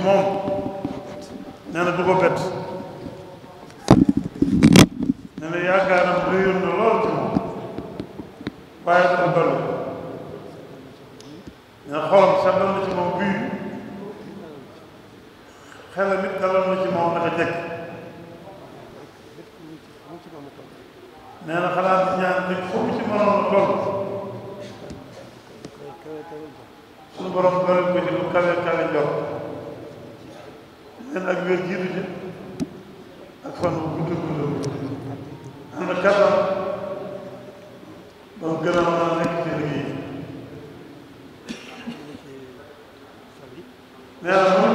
moom nee na du ko bett nee na yaakaaram lool ci moom waaye dafa dolli nee na xolam sàddal ci moom bii xelam it dalal na ci moom naka jëkk nee na xalaat di nit fu mu ci mënoon a toll suñu borom doole ko ci lu kawe kawe jox nee ak wér jiitu ci ak fan bu gudd gudd ànd ak kattan ba mu gën nekk ci liggéey nee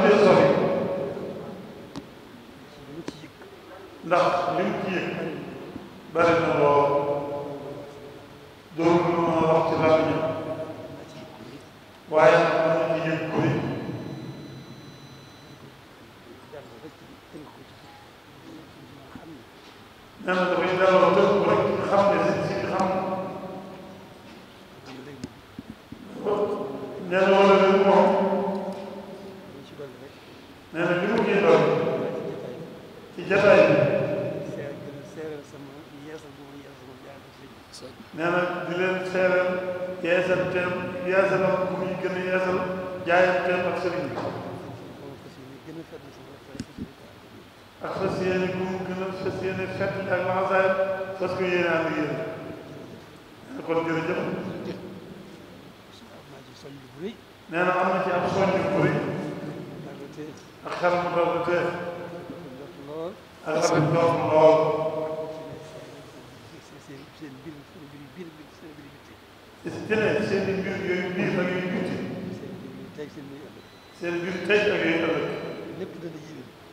dafay delloo dëkk rek xam ne si si xam nee na wala li moom nee na li mu ciy doon ci jataay bi nee na di leen seeral yeesal teem yeesalam bu muy gën a yeesal jaayam teem ak sëriñ bi أخصيانكم gën a fas yéene fàttali ak laxasaay fas ko yéene ànd ak yéen kon jërëjëf nee na am na ci ab soññ bu bëri ak xel mu daw bu tee ak rafet lool lool jëlee seen i mbir yooyu biir ak yooyu bitti seen mbir tey ak yooyu ëllëg lépp dana yéwén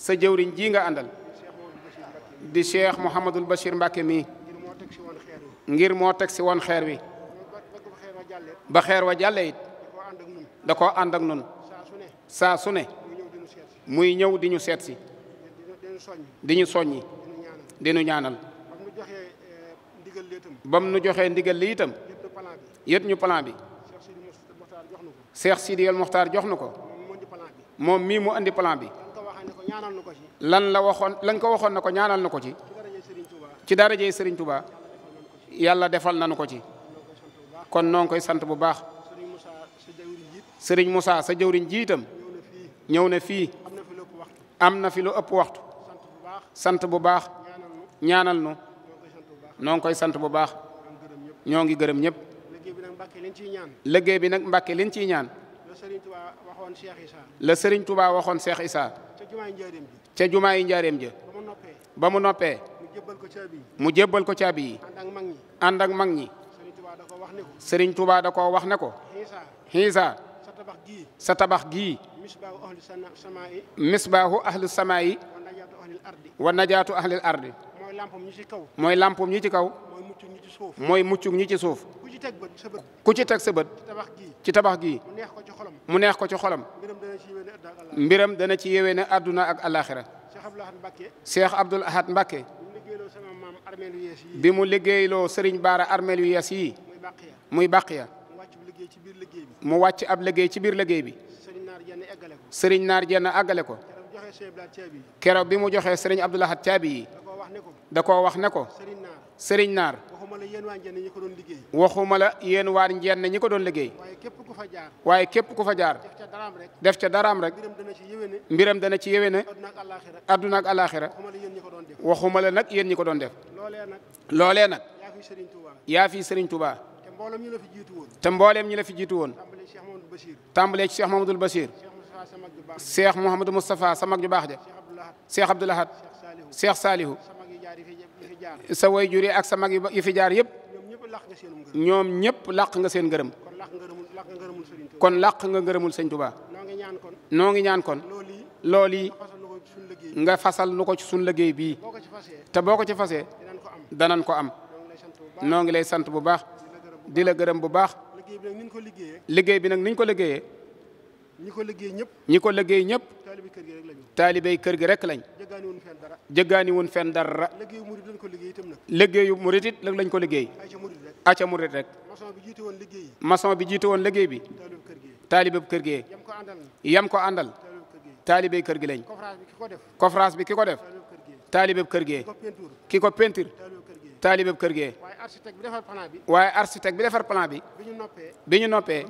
sa jëwriñ ji nga àndal di cheikh Mouhamadul Bachir Mbacke mii ngir moo teg si woon xeer wi ba xeer wa jàlle da koo ànd ak nun saa su ne muy ñëw di ñu seet si di ñu soññi di ñu ñaanal bam nu joxee ndigal li itam yët ñu plan bi Cheikh Sidi El jox nu ko moom mii mu indi plan bi lan la waxoon lan ko waxoon na ko ñaanal na ko ci ci dara darajey Serigne Touba yàlla defal nañu ko ci kon noo koy sant bu baax sëriñ Moussa sa jëwriñ jiitam ñëw ne fii am na fi lu ëpp waxtu sant bu baax ñaanal nu noo koy sant bu baax ñoo ngi gërëm ñëpp liggéey bi nag Mbàkke liñ ci ñaan la Serigne Touba waxoon Cheikh Issa. la Serigne Touba waxoon Cheikh Issa. ca jumaa yi njaareem ja. ca ba mu noppee. ba mu jébbal ko caabi yi. mu jébbal ko caabi yi. ak mag ñi. ànd ak mag ñi. Serigne da wax ne ko. Serigne da koo wax ne ko. Issa. sa tabax gi sa tabax gi misbaahu ahli samaa yi. misbaahu ahli samaa yi. wa najaatu ahlil ardi. moy lampam ñu ci kaw. moy muccug ñu ci suuf. ku ci tek sa ci tabax gi mu neex ko ci xolam. mbiram dana ci yéwee ne àdduna ak alakhirah Cheikh abdul Ahad mbake bi mu liggéeyloo Serigne bara armel yu yees yii. muy Baqiya. mu wàcc ab liggey ci bir liggey bi. Serigne nar Jenn agale ko. kero bi mu joxe Serigne Abdoul Ahad caabi dako wax ne ko serigne nar waxuma la yéen waa njeen ñi ko doon liggey waye kep ku fa jaar def ca daram rek mbiram dana ci yéwéne aduna ak alakhira waxuma la nak yéen ñi ko doon def lolé nak ya fi serigne Touba te mbooleem ñu la fi jitu won tambale ci Cheikh Mamadou Bachir Cheikh Mouhamadou Moustapha samak ju bax ja Cheikh abdullah Cheikh Salihu sa way jur yi ak sa mag yi fi jaar yëpp ñoom ñëpp làq nga seen ngërëm kon làq nga ngërëmul sëñ Tuubaa noo ngi ñaan kon loolu yi nga fasal nu ko ci suñ liggéey bii te boo ko ci fasee danañ ko am noo ngi lay sant bu baax di la gërëm bu baax liggéey bi nag niñ ko liggéeyee ñi ko liggéey ñëpp ñi ko liggéey ñëpp taalibey kër gi rek lañu. taalibey kër gi rek lañ. jëggaani wuñ fenn dara. jëggaani wuñ fenn dara. liggéeyu murit lañ ko liggéey itam nag. liggéeyu murit it lañ ko liggéey. aca murit rek. aca murit rek. maçon bi bi jiite yam ko àndal. yam ko àndal. taalibey kër gi bi ki ko def. taalibeb kër gi. architecte bi defar plan bi. waaye architecte bi defar plan bi. bi ñu noppee bi ñu noppee.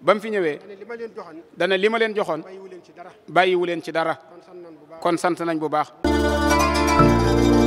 ba fi ñëwee. dana li ma leen joxoon. dana li ma leen joxoon. bàyyiwu leen ci dara. bàyyiwu leen ci dara. kon sant nañ bu baax kon sant nañ bu baax.